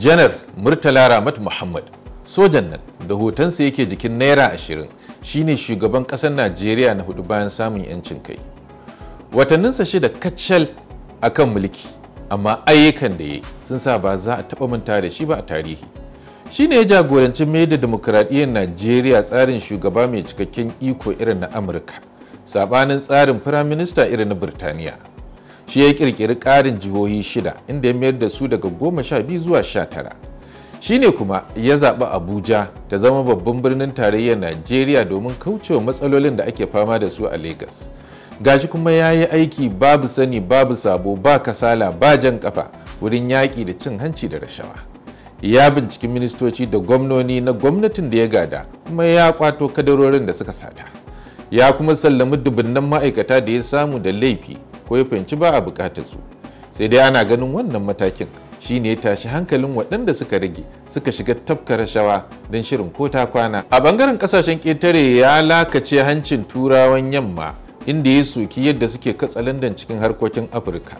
janar murtala ramat muhammad sojan nan da hotonsa yake jikin naira ashirin shine shugaban ƙasar najeriya na hudu bayan samun yancin kai watanninsa shida kacal a kan mulki amma ayyukan da ya sun sa ba za a taɓa manta da shi ba a tarihi shi ne ya jagoranci mai da demokuraɗiyyar najeriya tsarin shugaba mai cikakken iko irin na amurka saɓanin tsarin firaminista irin na birtaniya shi ya kirkiri ƙarin jihohi shida inda ya mayar da su daga goma sha biyu zuwa sha tara shi ne kuma ya zaɓi abuja ta zama babban birnin tarayyar najeriya domin kaucewa matsalolin da ake fama da su a lagos gashi kuma ya yi aiki babu sani babu sabo ba kasala ba jan kafa wurin yaƙi da cin hanci da rashawa ya binciki ministoci da gwamnoni na gwamnatin da ya gada kuma ya kwato kadarorin da suka sata ya kuma sallami dubunnan ma'aikata da ya samu da laifi ko ya fahimci ba a bukatar su sai dai ana ganin wannan matakin shine ya tashi hankalin waɗanda suka rage suka shiga tafka rashawa don shirin ko ta kwana a bangaren ƙasashen ƙetare ya lakace hancin turawan yamma inda ya soki yadda suke katsalandan cikin harkokin afirka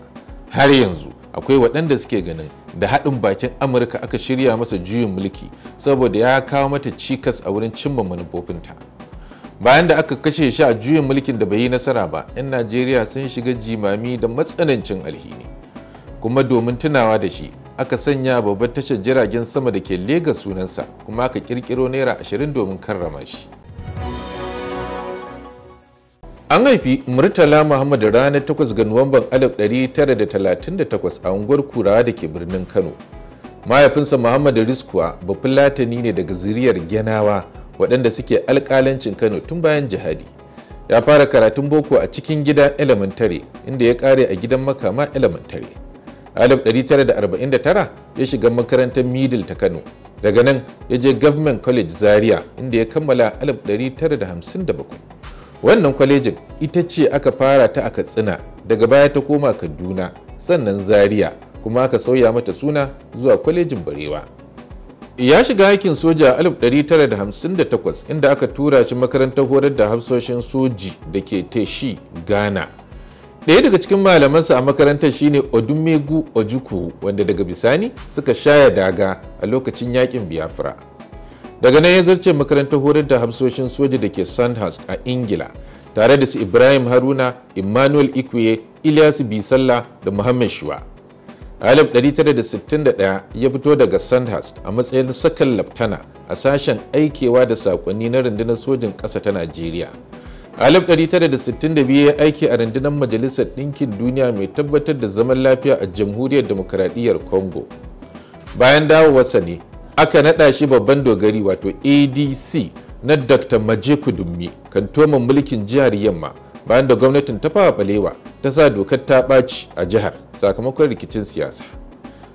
har yanzu akwai waɗanda suke ganin da haɗin bakin amurka aka shirya masa juyin mulki saboda ya kawo mata cikas a wurin cimma manufofinta. bayan da aka kashe shi a juyin mulkin da bai yi nasara ba 'yan najeriya sun shiga jimami da matsanancin alhini kuma domin tunawa da shi aka sanya babbar tashar jiragen sama da ke Legas sunansa kuma aka kirkiro naira 20 domin karrama shi an haifi murtala muhammad ranar 8 ga nuwamban 1938 a unguwar kurawa da ke birnin kano mahaifinsa muhammad riskuwa latani ne daga ziriyar genawa waɗanda suke alƙalancin kano tun bayan jihadi ya fara karatun boko a cikin gida elementary inda ya ƙare a gidan makama elementary 1949 ya shiga makarantar middle ta kano daga nan ya je government college zaria inda ya kammala 1957 wannan kwalejin ita ce aka fara ta a katsina daga baya ta koma kaduna sannan zaria kuma aka sauya mata suna zuwa kwalejin barewa ya shiga aikin soja a 1958 inda aka tura shi makarantar horar da hafsoshin soji da ke teshi ghana ɗaya daga cikin malamansa a makarantar shine odumegu ojuku wanda daga bisani suka shaya daga a lokacin yakin biafra daga nan ya zarce makarantar horar da hafsoshin soji da ke sandhurst a ingila tare da su ibrahim haruna emmanuel ikwe ilyas bisalla da muhammad shuwa alif 1961 ya fito daga sandhurst a matsayin sakan laftana a sashen aikewa da sakonni na rundunar sojin ƙasa ta najeriya alif 1962 ya aiki a rundunar majalisar ɗinkin duniya mai tabbatar da zaman lafiya a jamhuriyar demokaradiyyar congo bayan dawowarsa ne aka naɗa shi babban dogari wato adc na dr maje dummi kantoman mulkin jihar yamma bayan da gwamnatin ta fawa balewa ta sa dokar ta ɓaci a jihar sakamakon rikicin siyasa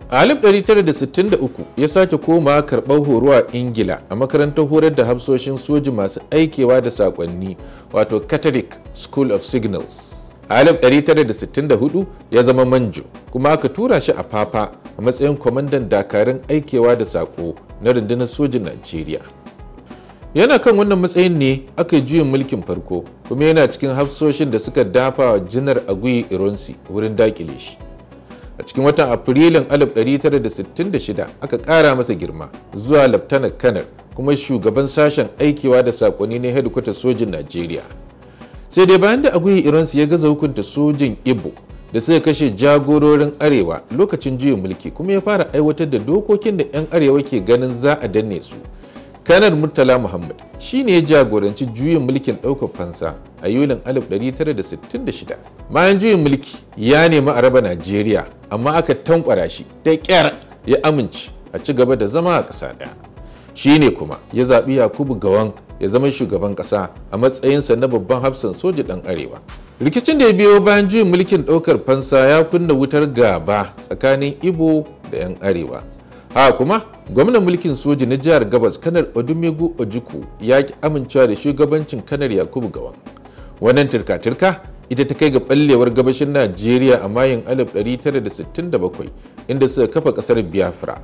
a 1963 ya sake koma karɓar horo a ingila a makarantar horar da hafsoshin soji masu aikewa da sakonni wato catholic school of signals a 1964 ya zama manjo kuma aka tura shi a fafa a matsayin kwamandan dakarun aikewa da sako na rundunar sojin najeriya yana kan wannan matsayin ne aka yi juyin mulkin farko kuma yana cikin hafsoshin da suka dafa wa janar aguyi ironsi wurin dakile shi a cikin watan afrilun 1966 aka kara masa girma zuwa laftanar kanar kuma shugaban sashen aikewa da sakonni na hedikwatar sojin najeriya sai dai bayan da aguyi ironsi ya gaza hukunta sojin ibo da suka kashe jagororin arewa lokacin juyin mulki kuma ya fara aiwatar da dokokin da 'yan arewa ke ganin za a danne su kanar murtala muhammad ne ya jagoranci juyin mulkin ɗaukar fansa a yulin 1966 bayan juyin mulki ya nemi a raba najeriya amma aka tankwara shi ta ƙyar ya amince a ci gaba da zama a ƙasa ɗaya Shi ne kuma ya zaɓi yakubu gawan ya zama shugaban ƙasa a matsayinsa na babban hafsan soja ɗan arewa rikicin da ya biyo bayan juyin mulkin ɗaukar fansa ya kunna wutar gaba tsakanin ibo da 'yan arewa a kuma gwamnan mulkin soji na jihar gabas kanar odumegu ojuku ya ki amincewa da shugabancin kanar yakubu gawan wannan turka-turka ita ta kai ga ɓallewar gabashin najeriya a mayin 1967 inda suka kafa ƙasar biafra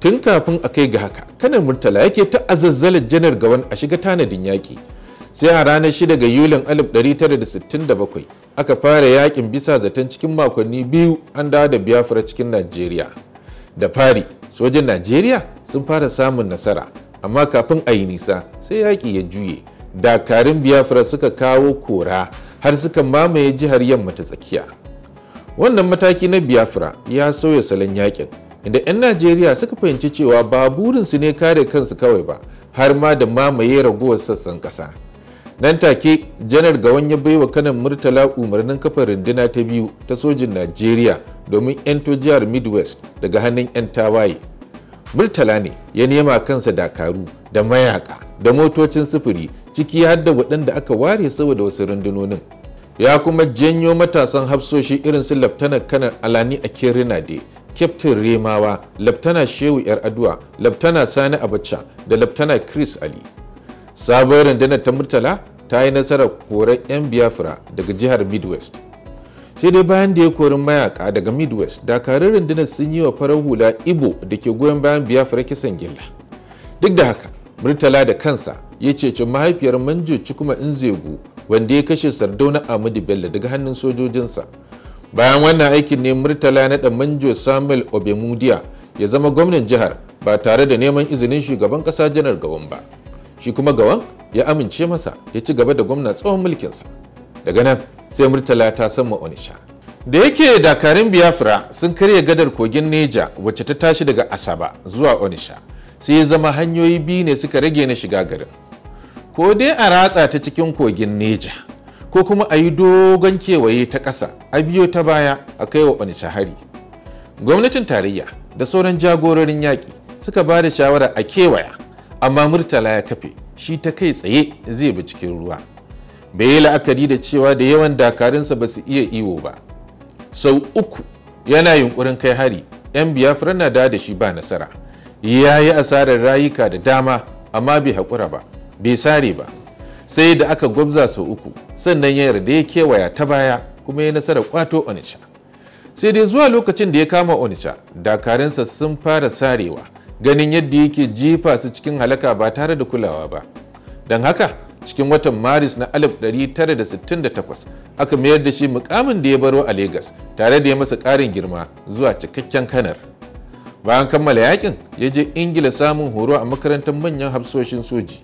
tun kafin a kai ga haka kanar murtala yake ta azazzala janar gawan a shiga tanadin yaƙi sai a ranar 6 ga yulin 1967 aka fara yaƙin bisa zaton cikin makonni biyu an dawo da biafra cikin najeriya da fari sojin najeriya sun fara samun nasara amma kafin a yi nisa sai yaƙi ya juye dakarun biafra suka kawo kora har suka mamaye jihar yamma ta tsakiya wannan mataki na biafra ya sauya salon yakin inda 'yan najeriya suka fahimci cewa ba burinsu ne kare kansu kawai ba har ma da mamaye raguwar sassan kasa nan take janar gawan ya baiwa kanan murtala umarnin kafar runduna ta biyu ta sojin najeriya domin 'yanto jihar midwest daga hannun 'yan tawaye murtala ne ya nema kansa dakaru da mayaka da motocin sufuri ciki har da waɗanda aka ware saboda wasu rundunonin ya kuma janyo matasan hafsoshi irin su laftanar kanar alani a kerinade kyaftin remawa laftana shehu yar aduwa laftana sani abacha da laftana chris ali sabon rundunar ta murtala ta yi nasarar korar 'yan biafra daga jihar midwest sai dai bayan da ya kori mayaka daga midwest dakarun rundunar sun yi wa farar hula ibo da ke goyon bayan biafra kisan gilla duk da haka murtala da kansa ya ceci mahaifiyar manjoci kuma inzegu wanda ya kashe sardauna amadu bello daga hannun sojojinsa bayan wannan aikin ne murtala na da manjo samuel obemudia ya zama gwamnan jihar ba tare da neman izinin shugaban kasa janar gawan ba shi kuma gawan ya amince masa ya ci gaba da gwamna tsawon mulkinsa daga nan sai murtala ta san onisha da yake dakarun biafra sun karya gadar kogin neja wacce ta tashi daga asaba zuwa onisha sai ya zama hanyoyi biyu ne suka rage na shiga garin ko dai a ratsa ta cikin kogin neja ko kuma a yi dogon kewaye ta ƙasa a biyo ta baya a kai wa onisha hari gwamnatin tarayya da sauran jagororin yaƙi suka ba da shawara a kewaya amma murtala ya kafe shi ta kai tsaye zai bi cikin ruwa bai yi la'akari da cewa da yawan dakarunsa ba su iya iwo ba sau uku yana yunkurin kai hari 'yan biyafra na da da shi ba nasara ya yi asarar rayuka da dama amma bai haƙura ba bai sare ba sai da aka gwabza sau uku sannan ya yarda ya kewaya ta baya kuma ya nasara kwato onisha sai dai zuwa lokacin da ya kama onisha dakarunsa sun fara sarewa ganin yadda yake jefa su cikin halaka ba tare da kulawa ba don haka cikin watan maris na 1968 aka mayar da shi mukamin da ya baro a Legas tare da ya masa ƙarin girma zuwa cikakken kanar. Bayan kammala yakin ya je Ingila samun horo a makarantar manyan hafsoshin soji.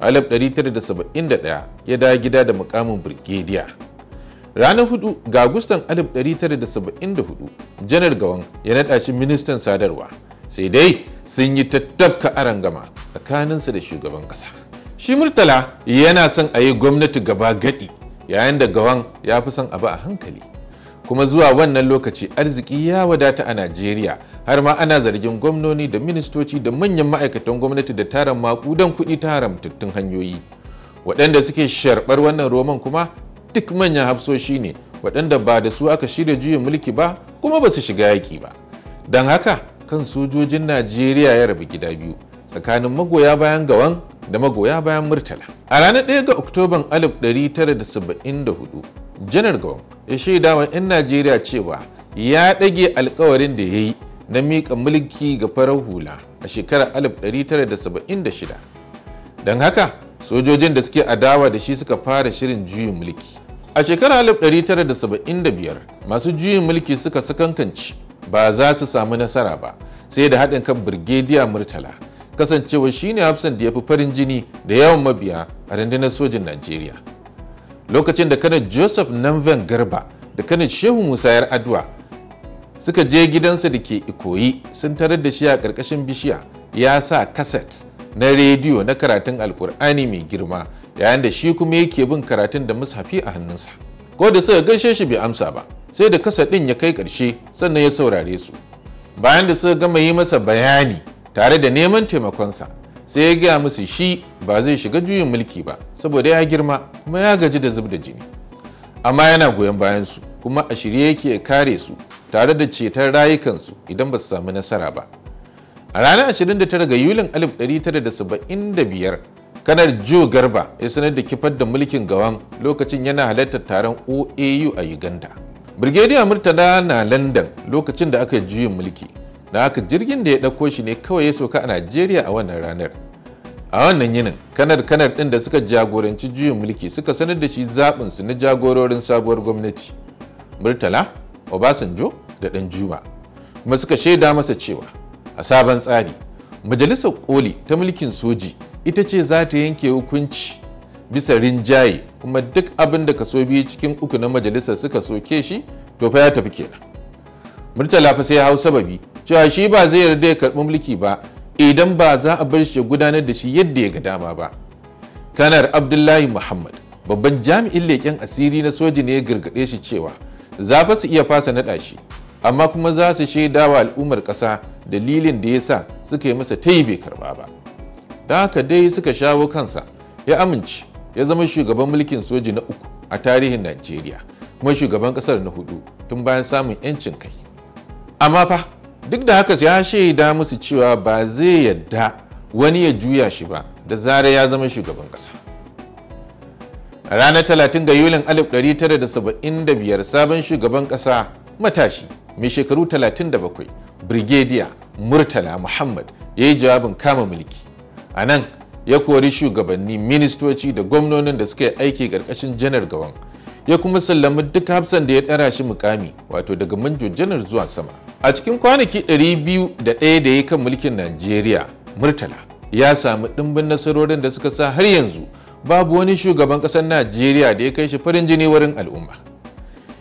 1971 ya dawo gida da mukamin Birgediya. Ranar 4 ga Agustan 1974, Janar Gawan ya naɗa shi ministan sadarwa. Sai dai sun yi tattabka arangama tsakaninsa da shugaban ƙasa. shi murtala yana son a yi gwamnati gaba gadi yayin da gawan ya fi son abu a hankali kuma zuwa wannan lokaci arziki ya wadata a najeriya har ma ana zargin gwamnoni da ministoci da manyan ma'aikatan gwamnati da tara makudan kuɗi ta haramtattun hanyoyi waɗanda suke sharɓar wannan roman kuma duk manyan hafsoshi ne waɗanda ba da su aka shirya juyin mulki ba kuma ba su shiga yaƙi ba don haka kan sojojin najeriya ya rabu gida biyu tsakanin magoya bayan gawan da magoya bayan murtala a ranar 1 ga oktoban 1974 janar gawon ya shaida wa 'yan najeriya cewa ya ɗage alkawarin da ya yi na miƙa mulki ga farar hula a shekarar 1976 don haka sojojin da suke adawa da shi suka fara shirin juyin mulki a shekarar 1975 masu juyin mulki suka sakankanci ba za su samu nasara ba sai da haɗin kan birgediya murtala kasancewa shine hafsan da ya fi farin jini da yawan mabiya a rundunar sojin najeriya lokacin da kanar joseph nanven garba da kanar shehu musa yar adwa suka je gidansa da ke ikoyi sun tarar da shi a karkashin bishiya ya sa kaset na rediyo na karatun alkur'ani mai girma yayin da shi kuma yake bin karatun da mushafi a hannunsa ko da suka gaishe shi bai amsa ba sai da kaset ɗin ya kai karshe sannan ya saurare su bayan da suka gama yi masa bayani tare da neman taimakonsa sai ya gaya musu shi ba zai shiga juyin mulki ba saboda ya girma kuma ya gaji da zub da jini amma yana goyon bayansu kuma a shirye yake kare su tare da ceton rayukansu idan ba su samu nasara ba a ranar 29 ga yulin 1975 kanar joe garba ya sanar da kifar da mulkin gawan lokacin yana halartar taron oau a uganda birgediya murtala na london lokacin da aka juyin mulki da haka jirgin da ya ɗauko shi ne kawai ya sauka a najeriya a wannan ranar a wannan yinin kanar kanar ɗin da suka jagoranci juyin mulki suka sanar da shi zaɓin su na jagororin sabuwar gwamnati murtala obasanjo da ɗan juma kuma suka shaida masa cewa a sabon tsari majalisar koli ta mulkin soji ita ce za ta yanke hukunci bisa rinjaye kuma duk abin da kaso biyu cikin uku na majalisar suka soke shi to fa ya tafi kenan murtala fa sai hau sababi cewa shi ba zai yarda ya karɓi mulki ba idan ba za a bar shi ya gudanar da shi yadda ya ga dama ba kanar abdullahi muhammad babban jami'in leƙen asiri na soji ne ya gargaɗe shi cewa za fa su iya fasa naɗa shi amma kuma za su shaida wa al'ummar ƙasa dalilin da ya sa suka yi masa tayi bai karɓa ba da haka dai suka shawo kansa ya amince ya zama shugaban mulkin soji na uku a tarihin najeriya kuma shugaban ƙasar na hudu tun bayan samun 'yancin kai amma fa duk da haka ya shaida musu cewa ba zai yadda wani ya juya shi ba da zarar ya zama shugaban kasa. a ranar 30 ga yulin 1975 sabon shugaban kasa matashi mai shekaru 37 brigadier murtala muhammad ya yi jawabin kama mulki a nan ya kori shugabanni ministoci da gwamnonin da suka yi aiki karkashin janar gawan ya kuma sallami duk hafsan da ya ɗara shi mukami wato daga manjo janar zuwa sama a cikin kwanaki 201 da ya kan mulkin najeriya murtala ya samu ɗimbin nasarorin da suka sa har yanzu babu wani shugaban ƙasar najeriya da ya kai shi farin jini wurin al'umma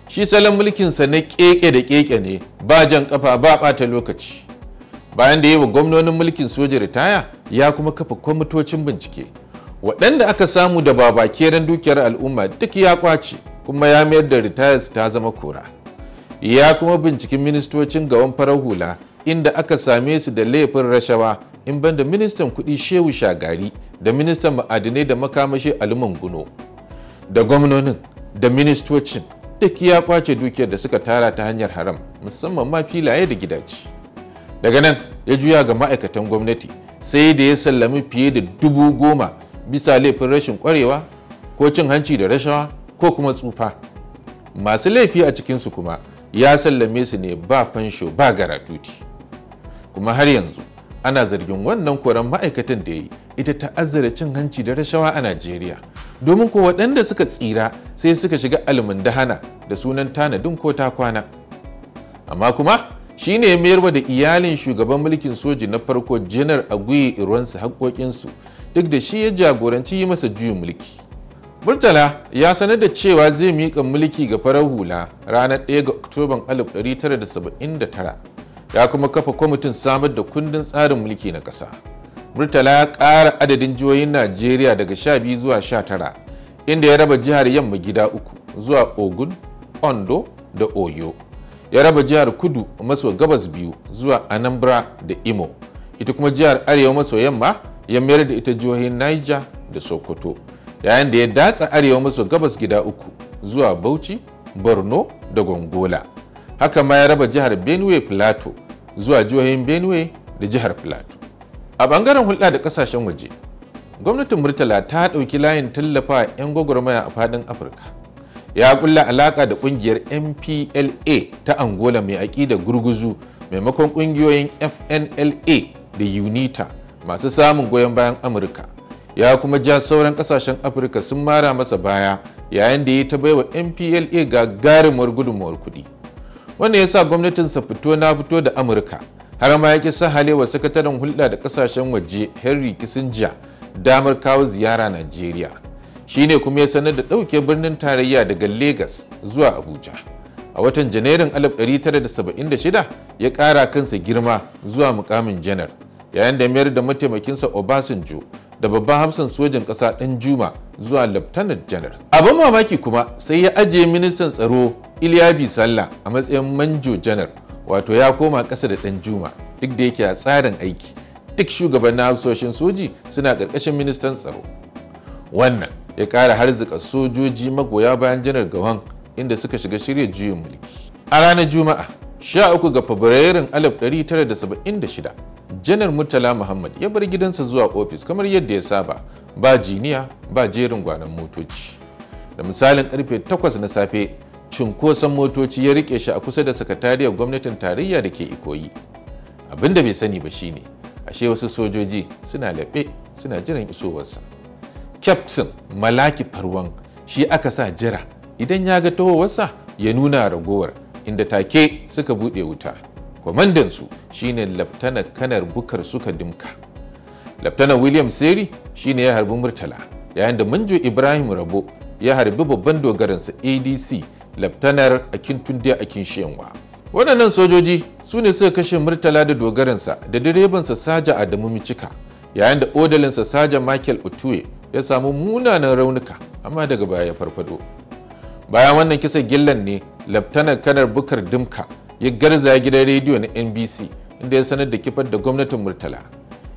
shi salon mulkinsa na keke da keke ne ba jan kafa ba ɓata lokaci bayan da yi wa gwamnonin mulkin soja ritaya ya kuma kafa kwamitocin bincike waɗanda aka samu da babakeren dukiyar al'umma duk ya kwace kuma ya mayar da su ta zama kura. ya kuma binciken ministocin gawan farar hula inda aka same su da laifin rashawa in banda ministan kudi shehu shagari da ministan ma'adinai da makamashi aluman guno da gwamnonin da ministocin duk ya kwace dukiyar da suka tara ta hanyar haram musamman ma filaye da gidaje daga nan ya juya ga ma'aikatan gwamnati sai da ya sallami fiye da dubu goma bisa laifin rashin kwarewa ko cin hanci da rashawa ko kuma tsufa masu laifi a cikinsu kuma ya sallame su ne ba fansho ba garatuti kuma har yanzu ana zargin wannan koran ma'aikatan da ya yi ita ta'azzara cin hanci da rashawa a najeriya domin ko waɗanda suka tsira sai suka shiga almundahana da sunan tanadin ko ta kwana amma kuma shi ne mayarwa da iyalin shugaban mulkin soji na farko janar a aguye iruwansu haƙoƙinsu duk da shi ya jagoranci yi masa juyin mulki Murtala ya sanar da cewa zai miƙa mulki ga farar hula ranar 1 ga Oktoban 1979 ya kuma kafa kwamitin samar da kundin tsarin mulki na ƙasa. Murtala ya ƙara adadin jihohin Najeriya daga 12 zuwa 19 inda ya raba jihar yamma gida uku zuwa Ogun, Ondo da Oyo. Ya raba jihar kudu maso gabas biyu zuwa Anambra da Imo. Ita kuma jihar arewa maso yamma ya mayar da ita jihohin Niger da Sokoto. yayin da ya datsa arewa maso gabas gida uku zuwa bauchi borno da gongola haka ma ya raba jihar benue plateau zuwa jihohin benue da jihar plateau a bangaren hulɗa da ƙasashen waje gwamnatin murtala ta ɗauki layin tallafa 'yan gwagwarmaya a faɗin afirka ya kulla alaƙa da ƙungiyar mpla ta angola mai aƙi da gurguzu maimakon ƙungiyoyin fnla da unita masu samun goyon bayan amurka ya kuma ja sauran kasashen afirka sun mara masa baya yayin da ya ta baiwa mpla gagarumar gudunmawar kuɗi wannan ya sa gwamnatinsa fito na fito da amurka har ma ya ƙi wa sakataren hulɗa da kasashen waje henry kissinger damar kawo ziyara shi ne kuma ya sanar da ɗauke birnin tarayya daga lagos zuwa abuja a watan janairun 1976 ya ƙara kansa girma zuwa mukamin janar yayin da mayar da mataimakinsa obasanjo da babban hamsin sojan ƙasa ɗan juma zuwa laftanar janar abin mamaki kuma sai ya ajiye ministan tsaro iliya bisalla a matsayin manjo janar wato ya koma ƙasa da ɗan juma duk da yake a tsarin aiki duk shugaban na hafsoshin soji suna ƙarƙashin ministan tsaro wannan ya ƙara harzika sojoji magoya bayan janar gawan inda suka shiga shirya juyin mulki a ranar juma'a 13 ga fabrairun 1976 janar murtala muhammad ya bar gidansa zuwa ofis kamar yadda ya saba ba jiniya ba jerin gwanon motoci da misalin karfe 8 na safe cunkoson motoci ya rike shi a kusa da sakatariyar gwamnatin tarayya da ke ikoyi Abin da bai sani ba shine ashe wasu sojoji suna laɓe suna jiran isowarsa kyaftin malaki farwan shi aka sa jira idan ya ga tahowarsa ya nuna ragowar inda take suka buɗe wuta kwamandansu shine laftana kanar bukar suka dimka laftana william seri shine ya harbi murtala yayin da manjo ibrahim rabo ya harbi babban dogaransa adc laftanar akintunde akinshiyanwa waɗannan sojoji su ne suka kashe murtala da dogaransa da direbansa saja adamu micika yayin da odalinsa saja michael otue ya samu munanan raunuka amma daga baya ya farfado bayan wannan kisa gillan ne laftanar kanar bukar dimka ya garza gidan rediyo na nbc inda ya sanar da kifar da gwamnatin murtala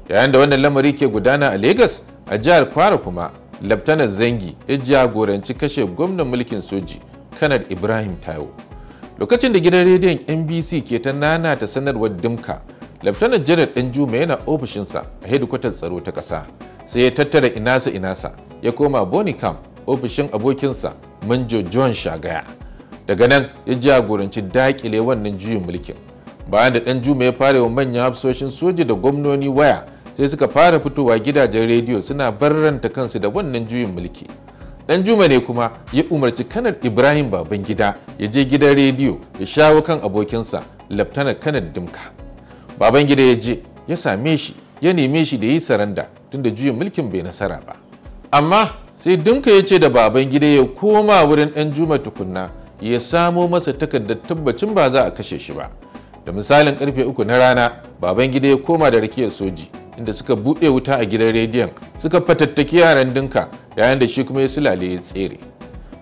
yayin da wannan lamari ke gudana a lagos a jihar kwara kuma laftanar zangi ya jagoranci kashe gwamnan mulkin soji kanar ibrahim taiwo lokacin da gidan rediyon nbc ke ta nana ta sanarwar dimka laftanar janar danjuma yana ofishinsa a hedikwatar tsaro ta ƙasa sai ya tattara inasa inasa ya koma bonicam ofishin abokinsa manjo john shagaya daga nan ya jagoranci dakile wannan juyin mulkin bayan da dan juma ya fara wa manyan hafsoshin soja da gwamnoni waya sai suka fara fitowa gidajen rediyo suna barranta kansu da wannan juyin mulki dan juma ne kuma ya umarci kanar ibrahim baban gida ya je gidan rediyo ya shawo kan abokinsa laftanar kanar dimka baban gida ya je ya same shi ya neme shi da yi saranda tunda juyin mulkin bai nasara ba amma sai dimka ya ce da baban gida ya koma wurin dan juma tukunna ya samo masa takardar tabbacin ba za a kashe shi ba da misalin karfe uku na rana baban gida ya koma da rakiyar soji inda suka buɗe wuta a gidan rediyon suka fatattaki yaran dinka yayin da shi kuma ya silale ya tsere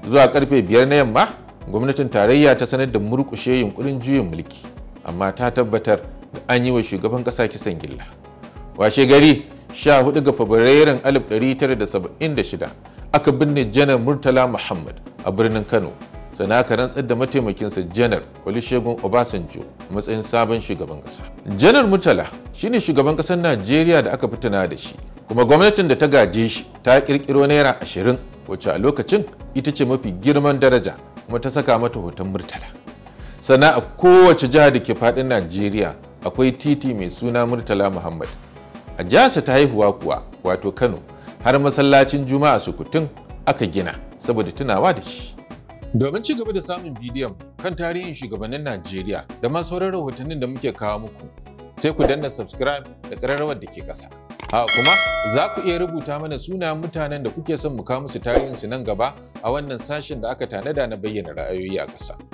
zuwa karfe biyar na yamma gwamnatin tarayya ta sanar da murkushe yunkurin juyin mulki amma ta tabbatar da an yi wa shugaban ƙasa kisan gilla washe gari 14 ga fabrairun 1976 aka binne janar murtala muhammad a birnin kano sannan aka rantsar da mataimakinsa janar olusegun obasanjo matsayin sabon shugaban kasa janar murtala shine shugaban kasar najeriya da aka fituna da shi kuma gwamnatin da ta gaje shi ta kirkiro naira ashirin wacce a lokacin ita ce mafi girman daraja kuma ta saka mata hoton murtala sannan a kowace jiha da ke faɗin najeriya akwai titi mai suna murtala muhammad a jihar ta haihuwa kuwa wato kano har masallacin juma'a sukutun aka gina saboda tunawa da shi Domin ci gaba da samun bidiyon kan tarihin shugabannin Najeriya da ma sauran rahotannin da muke kawo muku, sai ku danna subscribe da ƙararrawar da ke ƙasa. a'a kuma za ku iya rubuta mana suna mutanen da kuke son mu kawo musu tarihinsu nan gaba a wannan sashen da aka tanada na bayyana ra'ayoyi a ƙasa.